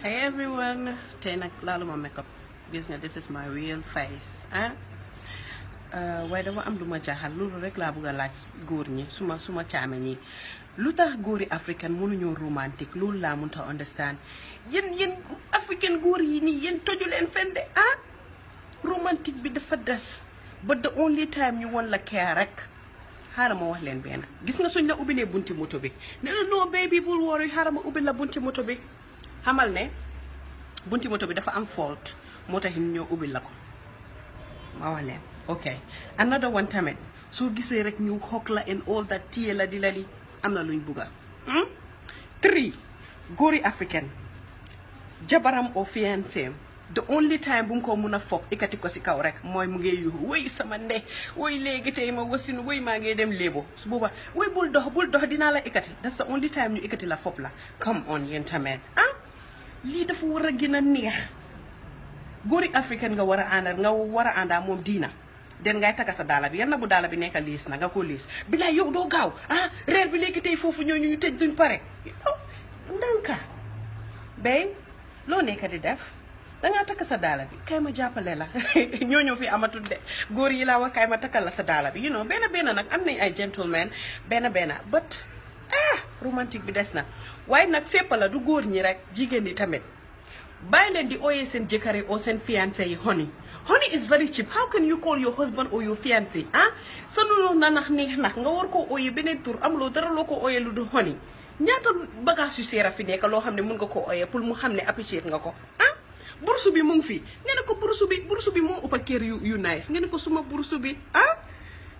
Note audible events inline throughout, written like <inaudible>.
Hey everyone, tena laluma ma makeup. Gis this is my real face. Ah. Eh? Euh waaye dama am lu ma jaaxal loolu rek laa bëgg suma suma caame ñi lu tax góori african mënuñoo romantique loolu laa mënta understand Yen yen african gori yi yen yéen toju leen fen ah Romantic bi dafa des ba the only time you won la kerek rek xaaral ma wax leen benn gis nga suñ la bunti motobe. bi no baby bul woor yi xaaral ma ubbi la bunti motobe xamal ne bunti moto bi dafa am fault moo tax ñoo ubbil ma ok another one tamit soo gisee rek ñu xoog la and all that téye la di la di am not luñ buga. Hmm? three gori African. jabaram o the only time bu ko mun ikati ko si kaw rek mooy mu ngi yuuxu woy sama nde woy léegi tey ma wasin woy maa ngi dem léebo su booba woy bul dox bul dox la ikati that's the only time ñu ikati la fopla. la come on gentlemen. ah lii dafa war a gën a neex góori africaine nga war a àndal nga war a àndaa moom diina den ngay taka sa daala bi yan na bu daala bi nekka liis na nga ko liis bilaay yow doo gaaw ah, reer bi léegi tey foofu ñooñu ñu tëj duñ pare oh, ndanka bay loo nekka di def dangaa takk sa daala bi kay ma jàppale la <laughs> ñoo ñoo fi amatul de góor yi laa wax kay ma takkal la sa daala bi you know benn benn nag am nañ ay gentleman benn benn but romantique bi des na fe nag gur la du góor ñi rek tamit di ooyee seen jëkkër yi oo seen fiancé yi honey honey is very cheap how can you call your husband or your fiancé ah sa nuloo na nax neex nax nga amlo koo ooyee beneen tur amuloo dara loo ko ooyee lu dul honey ñaata bagage yu seer fi nekk loo xam ne nga pour mu nga ko ah bursu bi mu ngi fi nga ne ko bursu bi bursu bi moo ëpp kër yu yu nice nga ne ko suma bursu bi ah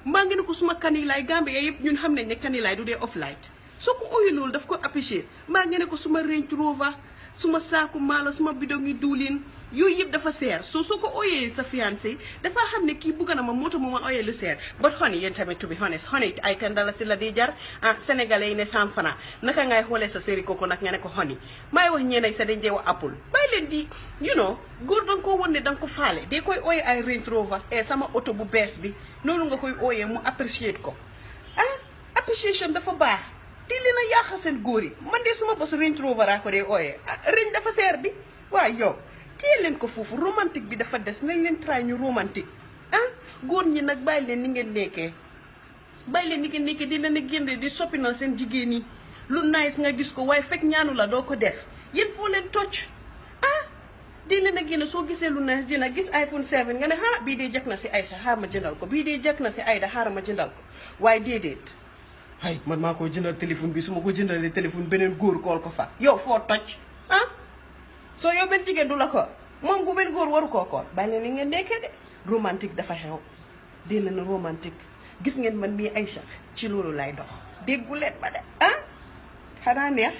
mbaa nga ne ko suma kanilaay gambe yëpp ñun xam ne du dee off light soo ko loolu daf ko apprécier mbaa ngeen ne ko suma Range Rover suma saaku maalo suma bidon yi diwlin yooyu yëpp dafa seer soo soo ko ooyee sa fiancé dafaa xam ne kii bugg na ma moo tax mu ma ooyee lu seer but honey yéen tamit to be honest honey ay ten dalasi la di jar ah sénégalais ne cent franc naka ngay xoolee sa séri kooku nag nga ne ko honey maay wax ñeenay sa dañ dee wa apple bàyyi leen di you know góor danga ko wan ne danga ko faale de koy ooyee ay Range eh, sama oto bu bees bi noonu nga koy ooyee mu apprécier ko ah appreciation dafa baax te li na yàq seen góor yi man de suma bos Range Rover a ko dee ooyee ah, Range dafa seer bi waaye yow téye leen ko foofu romantik bi dafa des nañ leen try ñu romantique ah góor ñi nag bàyyi leen ni ngeen nekke bàyyi leen ni ngeen nekkee di leen génne di soppi na seen jigéen yi lu nice nga gis ko waaye fekk ñaanu la doo ko def yéen foo leen tocc ah di leen a génne soo gisee lu nice dina gis iPhone 7 nga ne ah bii dee jag na si ay xaaral ma jëndal ko bii dee jag si Aïda xaaral ma ko waaye man maa ko jëndal téléphone bi su ma ko jëndalee téléphone beneen góor kool ko fa yow foo toj ah soo yow benn jigéen du la ko moom gu benn góor waru koo kool bàyyi li ngeen nekkee de romantique dafa xew dee leen romantique gis ngeen man mii Aïcha ci loolu lay dox déggu leen de ah xanaa neex